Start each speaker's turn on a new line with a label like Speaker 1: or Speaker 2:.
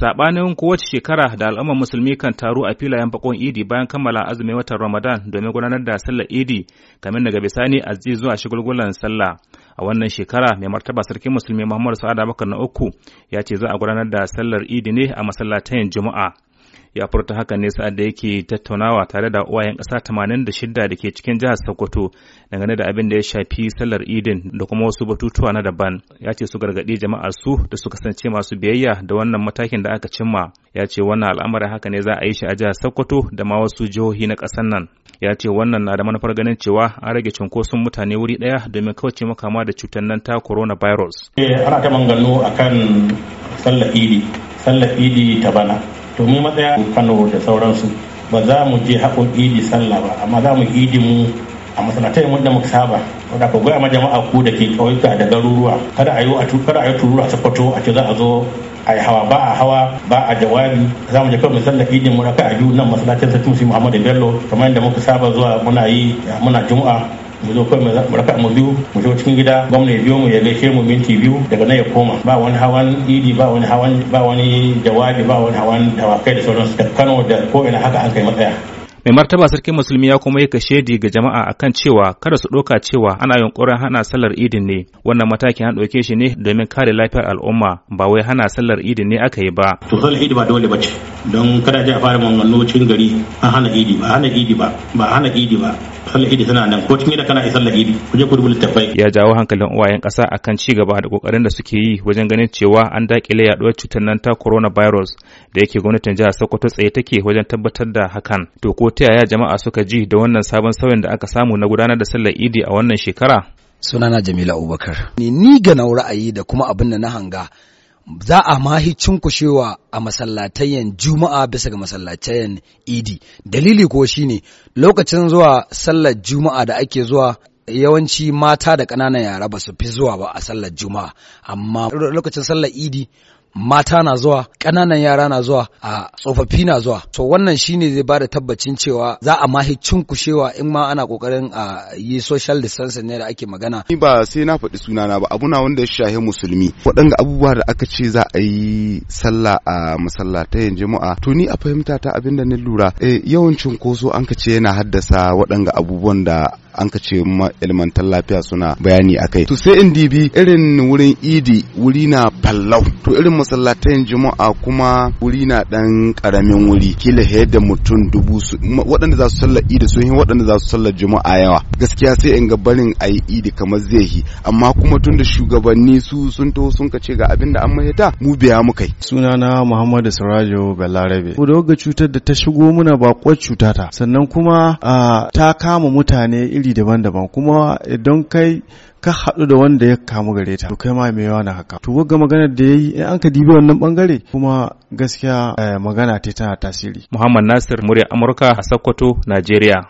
Speaker 1: sabanin kowace shekara da al'ummar musulmi kan taru a filayen bakon idi bayan kammala azumin watan ramadan domin gudanar da sallar idi kamin daga bisani azzi zuwa shagulgulan sallah a wannan shekara mai martaba sarkin musulmi muhammadu sa'ad abubakar na uku ya ce za a gudanar da sallar idi ne a masallatan juma'a ya furta haka ne sa'ad da yake tattaunawa tare da uwayen ƙasa 86 da ke cikin jihar Sokoto dangane da abin da ya shafi sallar Idin da kuma wasu batutuwa na daban. Ya ce su gargaɗi jama'ar su da su kasance masu biyayya da wannan matakin da aka cimma. Ya ce wannan al'amarin haka ne za a yi shi a jihar Sokoto da ma wasu jihohi na ƙasar nan. Ya ce wannan na da manufar ganin cewa an rage cunkoson mutane wuri daya domin kauce makama da cutar nan ta coronavirus.
Speaker 2: Eh, ana ta mangano akan sallar Idi, sallar Idi ta bana. to mu matsaya kano da sauransu ba za mu je haƙon idi sallah ba amma za mu idi mu a mun da muka saba wanda ka goya ma jama'a ku da ke kauyuka da garuruwa kada a yi a kada a yi tururu a sakwato a ce za a zo a yi hawa ba a hawa ba a jawabi za mu je kawai misalla idin mu raka a biyu nan masallacin sa tumsi muhammadu bello kamar yadda muka saba zuwa muna yi muna jumu'a mu zo kawai mu raka mu biyu mu shigo cikin gida gwamna ya biyo mu ya gaishe mu minti biyu daga nan ya koma ba wani hawan idi ba wani hawan ba wani jawabi ba wani hawan dawakai da sauransu da Kano da ko ina haka an kai matsaya
Speaker 1: mai martaba sarkin musulmi ya kuma yi kashedi ga jama'a a kan cewa kada su ɗauka cewa ana yunkurin hana sallar idin ne wannan matakin an ɗauke shi ne domin kare lafiyar al'umma ba wai hana sallar idin ne aka yi ba to sallar
Speaker 2: idi ba dole ba ce don kada a fara maganganu cikin gari an hana idi ba hana idi ba ba hana idi ba sallar idi suna nan ko cikin kana yi sallar idi ku je ku rubuta
Speaker 1: tafai. ya jawo hankalin uwayen kasa akan ci gaba da kokarin da suke yi wajen ganin cewa an dakile yaduwar cutar nan ta coronavirus da yake gwamnatin jihar Sokoto tsaye take wajen tabbatar da hakan to ko ta yaya jama'a suka ji da wannan sabon sauyin da aka samu na gudanar da sallar idi a wannan shekara sunana Jamila
Speaker 3: Abubakar ni ni ga ra'ayi da kuma abin da na hanga za a mahi cinkushewa a masallatayen juma'a bisa ga masallatayen idi dalili ko shine lokacin zuwa sallar juma'a da ake zuwa yawanci mata da ƙananan yara ba su fi zuwa ba a sallar juma'a amma lokacin sallar idi mata na zuwa ƙananan yara na zuwa a tsofaffi na zuwa to wannan shine zai bada tabbacin cewa za a mahi cunkushewa in ma ana kokarin a yi social distancing ne da ake magana ni ba sai na faɗi
Speaker 4: sunana ba abuna wanda ya shahe musulmi Waɗanga abubuwa da aka ce za a yi sallah a masallatayin jama'a to ni a fahimta ta abin da lura lura eh, yawancin koso an ka ce yana haddasa waɗanga abubuwan da an ka ce ilmantar lafiya suna bayani a kai. To in dibi irin wurin idi wuri na fallau to irin masallatayin juma'a kuma wuri na dan karamin wuri kila da mutum dubu su waɗanda za su sallar idi sun yi waɗanda za su sallar juma'a yawa gaskiya sai in ga barin a yi idi kamar zai yi amma kuma tun da shugabanni su sun taho sun ka ce ga abin da an mayata mu biya mu kai.
Speaker 1: Sunana Muhammadu Sirajo Balarabe. ko da cutar da ta shigo muna bakwar cuta ta sannan kuma ah, ta kama mutane iri iri daban-daban kuma idan kai ka haɗu da wanda ya kamu gare ta to kai ma mai yawa na haka to wagga maganar da yayi in an ka dibi wannan bangare kuma gaskiya eh, magana ta tana tasiri Muhammad Nasir murya Amurka a Sokoto Najeriya